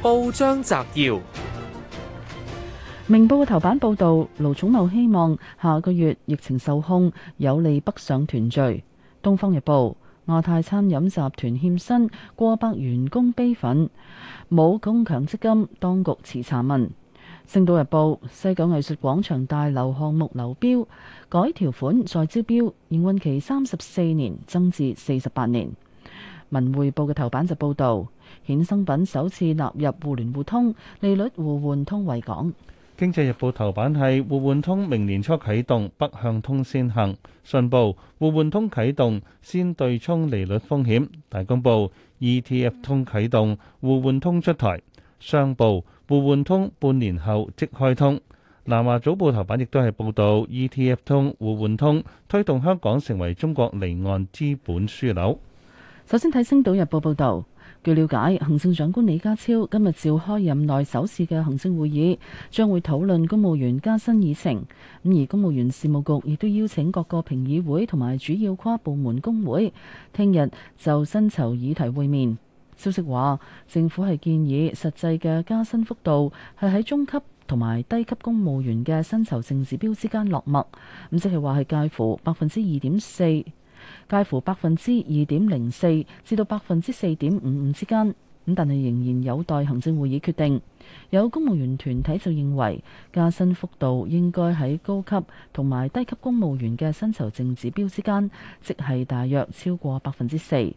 報章摘要：明報嘅頭版報道，盧寵茂希望下個月疫情受控，有利北上團聚。東方日報，亞太餐飲集團欠薪，過百員工悲憤。冇工強積金，當局持查問。星島日報，西九藝術廣場大樓項目流標，改條款再招標，營運期三十四年增至四十八年。文匯報嘅頭版就報道。衍生品首次納入互聯互通，利率互換通為港。經濟日報頭版係互換通明年初啟動，北向通先行。信報互換通啟動，先對沖利率風險。大公報 ETF 通啟動，互換通出台。商報互換通半年後即開通。南華早報頭版亦都係報道 ETF 通互換通推動香港成為中國離岸資本樞紐。首先睇《星島日報》報道。據了解，行政長官李家超今日召開任內首次嘅行政會議，將會討論公務員加薪議程。咁而公務員事務局亦都邀請各個評議會同埋主要跨部門工會，聽日就薪酬議題會面。消息話，政府係建議實際嘅加薪幅度係喺中級同埋低級公務員嘅薪酬淨指標之間落墨，咁即係話係介乎百分之二點四。介乎百分之二點零四至到百分之四點五五之間，咁但係仍然有待行政會議決定。有公務員團體就認為，加薪幅度應該喺高級同埋低級公務員嘅薪酬淨指標之間，即係大約超過百分之四。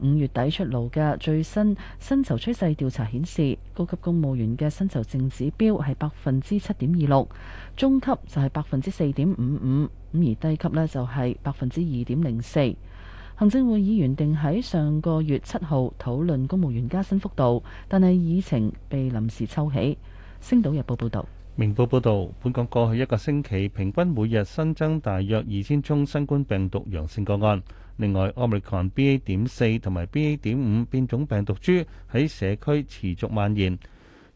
五月底出爐嘅最新薪酬趨勢調查顯示，高級公務員嘅薪酬淨指標係百分之七點二六，中級就係百分之四點五五，咁而低級呢，就係百分之二點零四。行政會議原定喺上個月七號討論公務員加薪幅度，但係議程被臨時抽起。星島日報報道，明報報道，本港過去一個星期平均每日新增大約二千宗新冠病毒陽性個案。另外，奧密克戎 BA 點四同埋 BA 點五變種病毒株喺社區持續蔓延。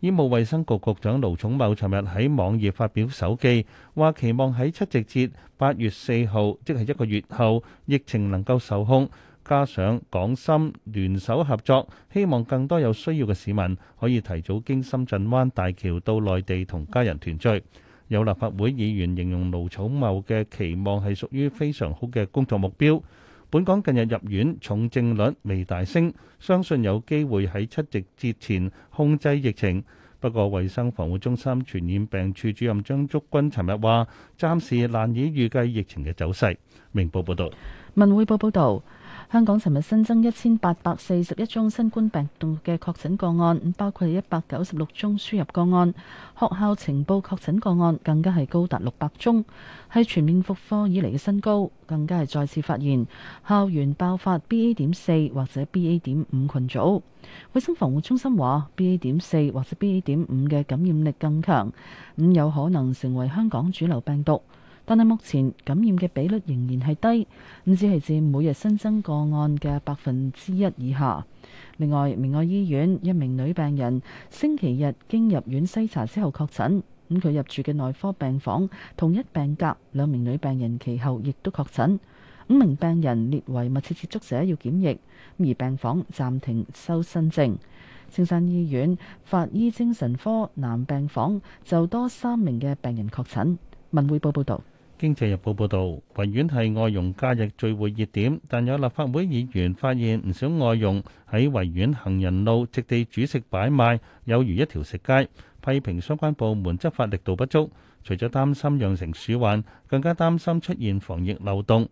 醫務衛生局局長盧寵茂尋日喺網頁發表手記，話期望喺七夕節八月四號，即係一個月後，疫情能夠受控。加上港深聯手合作，希望更多有需要嘅市民可以提早經深圳灣大橋到內地同家人團聚。有立法會議員形容盧寵茂嘅期望係屬於非常好嘅工作目標。本港近日入院重症率未大升，相信有機會喺七夕節前控制疫情。不過，衛生防護中心傳染病處主任張竹君尋日話，暫時難以預計疫情嘅走勢，明報報道，文匯報報道。香港尋日新增一千八百四十一宗新冠病毒嘅確診個案，包括一百九十六宗輸入個案，學校情報確診個案更加係高達六百宗，係全面復課以嚟嘅新高，更加係再次發現校園爆發 BA.4 或者 BA.5 群組。衞生防護中心話，BA.4 或者 BA.5 嘅感染力更強，咁有可能成為香港主流病毒。但係目前感染嘅比率仍然係低，唔止係佔每日新增個案嘅百分之一以下。另外，明愛醫院一名女病人星期日經入院篩查之後確診，咁佢入住嘅內科病房同一病格兩名女病人其後亦都確診，五名病人列為密切接觸者要檢疫，而病房暫停收新症。青山醫院法醫精神科男病房就多三名嘅病人確診。文匯報報道。《經濟日報，報道》報導，維園係外傭假日聚會熱點，但有立法會議員發現唔少外傭喺維園行人路直地煮食擺賣，有如一條食街，批評相關部門執法力度不足。除咗擔心養成鼠患，更加擔心出現防疫漏洞。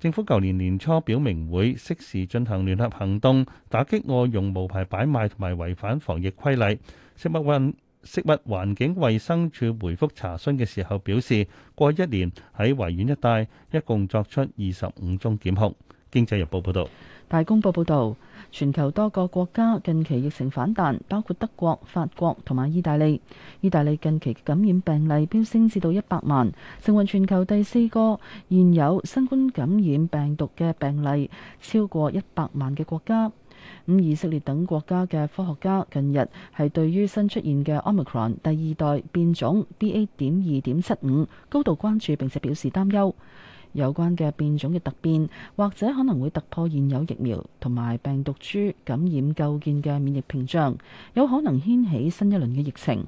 政府舊年年初表明會適時進行聯合行動，打擊外傭無牌擺賣同埋違反防疫規例。食物運。食物環境衞生署回覆查詢嘅時候表示，過去一年喺維園一帶一共作出二十五宗檢控。經濟日報報導。大公報報導，全球多個國家近期疫情反彈，包括德國、法國同埋意大利。意大利近期感染病例飆升至到一百萬，成為全球第四個現有新冠感染病毒嘅病例超過一百萬嘅國家。咁以色列等國家嘅科學家近日係對於新出現嘅 Omicron 第二代變種 BA. 點二點七五高度關注，並且表示擔憂。有關嘅變種嘅突變，或者可能會突破現有疫苗同埋病毒株感染構建嘅免疫屏障，有可能掀起新一輪嘅疫情。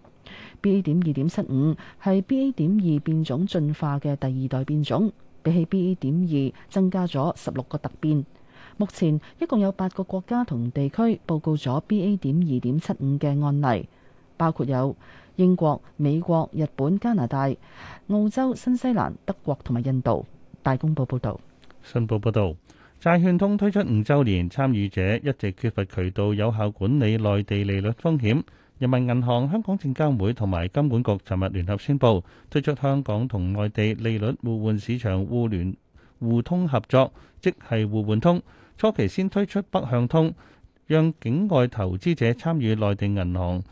BA. 點二點七五係 BA. 點二變種進化嘅第二代變種，比起 BA. 點二增加咗十六個突變。目前一共有八個國家同地區報告咗 B.A. 點二點七五嘅案例，包括有英國、美國、日本、加拿大、澳洲、新西蘭、德國同埋印度。大公報報導，信報報導，債券通推出五週年，參與者一直缺乏渠道有效管理內地利率風險。人民銀行、香港證監會同埋金管局尋日聯合宣布，推出香港同內地利率互換市場互聯互通合作，即係互換通。初期先推出北向通，讓境外投資者參與內地銀行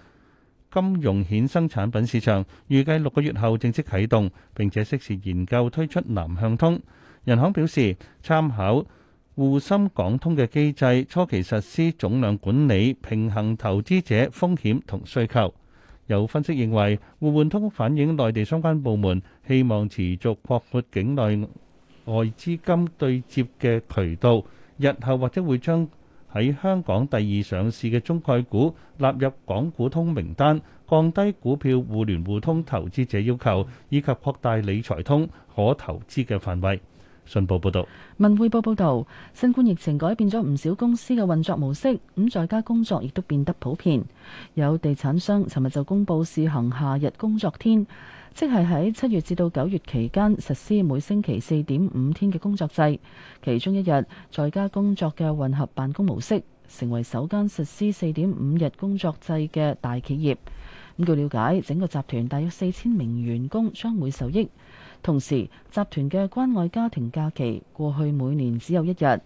金融衍生產品市場。預計六個月後正式啟動，並且適時研究推出南向通。人行表示，參考滬深港通嘅機制，初期實施總量管理，平衡投資者風險同需求。有分析認為，互換通反映內地相關部門希望持續擴闊境內外資金對接嘅渠道。日後或者會將喺香港第二上市嘅中概股納入港股通名單，降低股票互聯互通投資者要求，以及擴大理財通可投資嘅範圍。信報報道。文匯報報道，新冠疫情改變咗唔少公司嘅運作模式，咁在家工作亦都變得普遍。有地產商尋日就公佈試行夏日工作天。即係喺七月至到九月期間實施每星期四點五天嘅工作制，其中一日在家工作嘅混合辦公模式，成為首間實施四點五日工作制嘅大企業。咁據了解，整個集團大約四千名員工將會受益。同時，集團嘅關愛家庭假期過去每年只有一日，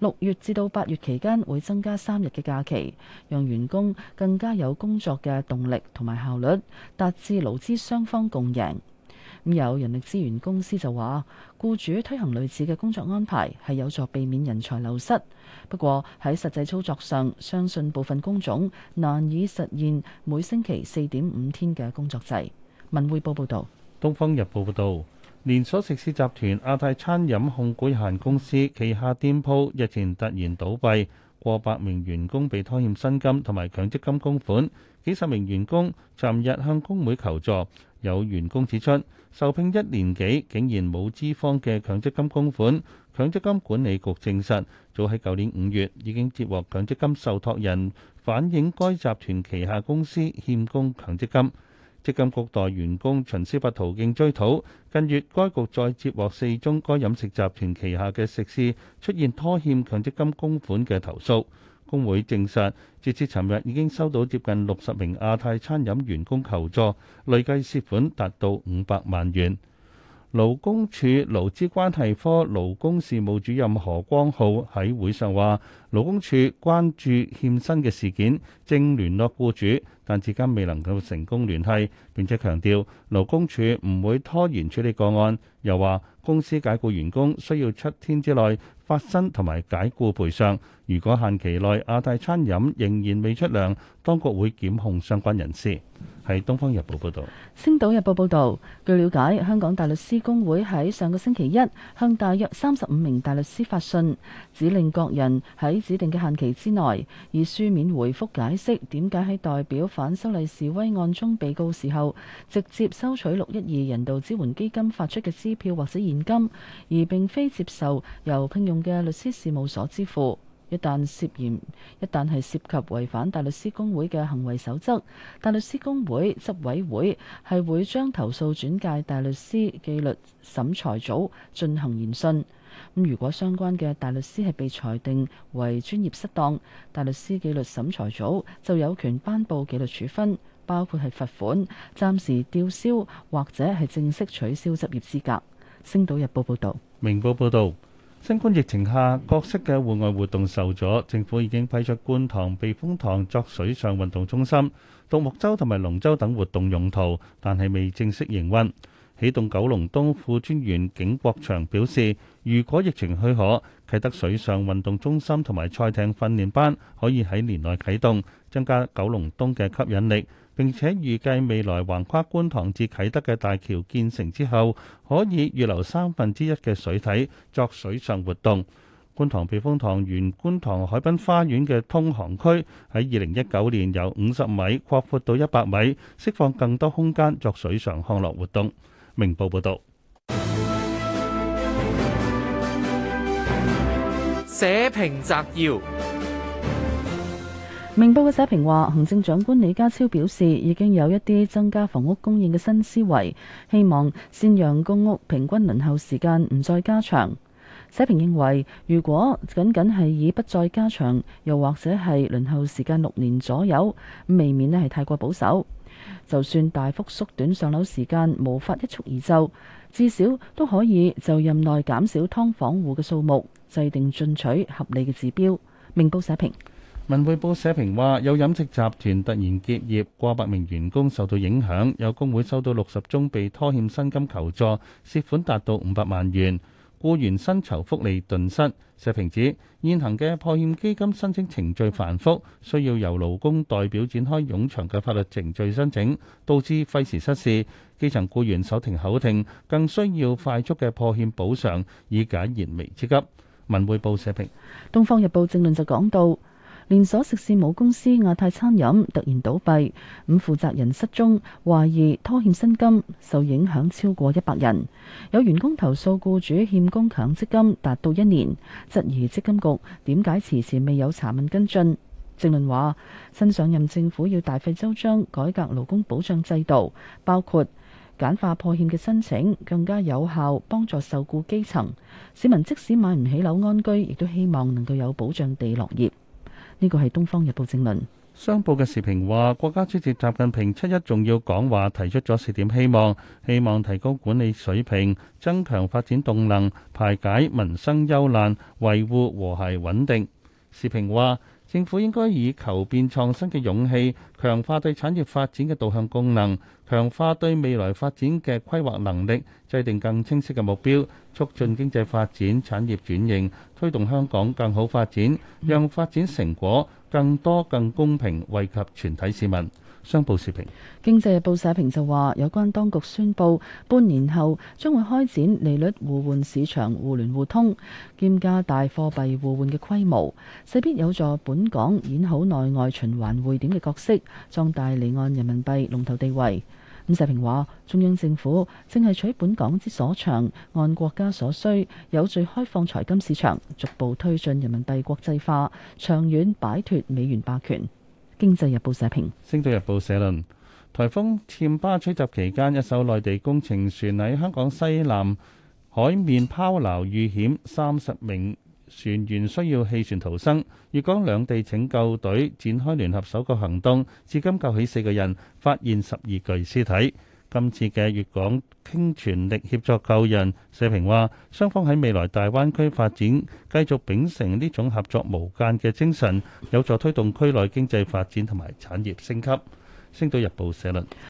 六月至到八月期間會增加三日嘅假期，讓員工更加有工作嘅動力同埋效率，達至勞資雙方共贏。咁有人力資源公司就話，僱主推行類似嘅工作安排係有助避免人才流失。不過喺實際操作上，相信部分工種難以實現每星期四點五天嘅工作制。文匯報報道。《東方日報》報導。連鎖食肆集團亞太餐飲控股有限公司旗下店鋪日前突然倒閉，過百名員工被拖欠薪金同埋強積金供款，幾十名員工尋日向工會求助。有員工指出，受聘一年幾，竟然冇資方嘅強積金供款。強積金管理局證實，早喺舊年五月已經接獲強積金受託人反映該集團旗下公司欠供強積金。積金局代員工循司法途徑追討，近月該局再接獲四宗該飲食集團旗下嘅食肆出現拖欠強積金供款嘅投訴工會證實截至尋日已經收到接近六十名亞太餐飲員工求助，累計涉款達到五百萬元。勞工處勞資關係科勞工事務主任何光浩喺會上話勞工處關注欠薪嘅事件，正聯絡雇主。但至今未能夠成功聯繫，並且強調勞工處唔會拖延處理個案。又話公司解僱員工需要七天之內發薪同埋解僱賠償，如果限期內亞太餐飲仍然未出糧，當局會檢控相關人士。係《東方日報》報道。星島日報報道，據了解，香港大律師公會喺上個星期一向大約三十五名大律師發信，指令各人喺指定嘅限期之內以書面回覆解釋，點解喺代表，反修例示威案中，被告時候直接收取六一二人道支援基金發出嘅支票或者現金，而並非接受由聘用嘅律師事務所支付。一旦涉嫌，一旦係涉及違反大律師公會嘅行為守則，大律師公會執委會係會將投訴轉介大律師紀律審裁組進行研訊，咁如果相關嘅大律師係被裁定為專業失當，大律師紀律審裁組就有權頒布紀律處分，包括係罰款、暫時吊銷或者係正式取消執業資格。星島日報報道，明報報道。新冠疫情下，各式嘅戶外活動受阻，政府已經批出觀塘避風塘作水上運動中心、獨木舟同埋龍舟等活動用途，但係未正式營運。起動九龍東副專員景國祥表示，如果疫情許可，啟德水上運動中心同埋賽艇訓練班可以喺年內啟動，增加九龍東嘅吸引力。並且預計未來橫跨觀塘至啟德嘅大橋建成之後，可以預留三分之一嘅水體作水上活動。觀塘避風塘、原觀塘海濱花園嘅通航區喺二零一九年由五十米擴闊到一百米，釋放更多空間作水上康樂活動。明報報導。社評摘要。明報嘅社評話，行政長官李家超表示已經有一啲增加房屋供應嘅新思維，希望先讓公屋平均輪候時間唔再加長。社評認為，如果僅僅係以不再加長，又或者係輪候時間六年左右，未免咧係太過保守。就算大幅縮短上樓時間，無法一蹴而就，至少都可以就任內減少劏房戶嘅數目，制定進取合理嘅指標。明報社評。文匯報社評話：有飲食集團突然結業，過百名員工受到影響。有工會收到六十宗被拖欠薪金求助，涉款達到五百萬元，僱員薪酬福利頓失。社評指現行嘅破欠基金申請程序繁複，需要由勞工代表展開冗長嘅法律程序申請，導致費時失事。基層僱員手停口停，更需要快速嘅破欠補償，以解燃眉之急。文匯報社評，《東方日報》正論就講到連鎖食肆母公司亞太餐飲突然倒閉，咁負責人失蹤，懷疑拖欠薪金，受影響超過一百人。有員工投訴僱主欠工強積金達到一年，質疑積金局點解遲遲未有查問跟進。政論話：新上任政府要大費周章改革勞工保障制度，包括簡化破欠嘅申請，更加有效幫助受僱基層市民。即使買唔起樓安居，亦都希望能夠有保障地落業。呢個係《東方日報》正文，商報嘅時評話，國家主席習近平七一重要講話提出咗四點希望，希望提高管理水平，增強發展動能，排解民生憂難，維護和諧穩定。時評話。政府應該以求變創新的勇氣，強化對產業發展的導向功能，強化對未來發展的規劃能力，制定更清晰的目標，促進經濟發展、產業轉型，推動香港更好發展，讓發展成果更多更公平惠及全體市民。商報視頻，經濟日報社評就話：有關當局宣布，半年後將會開展利率互換市場互聯互通，兼加大貨幣互換嘅規模，勢必有助本港演好內外循環匯點嘅角色，壯大離岸人民幣龍頭地位。咁社評話：中央政府正係取本港之所長，按國家所需，有序開放財金市場，逐步推進人民幣國際化，長遠擺脱美元霸權。經濟日報社評，星島日報社論：颱風暹巴吹襲期間，一艘內地工程船喺香港西南海面拋錨遇險，三十名船員需要棄船逃生。粵港兩地拯救隊展開聯合搜救行動，至今救起四個人，發現十二具屍體。今次嘅粵港傾全力協助救人，社評話雙方喺未來大灣區發展繼續秉承呢種合作無間嘅精神，有助推動區內經濟發展同埋產業升級。星島日報社論。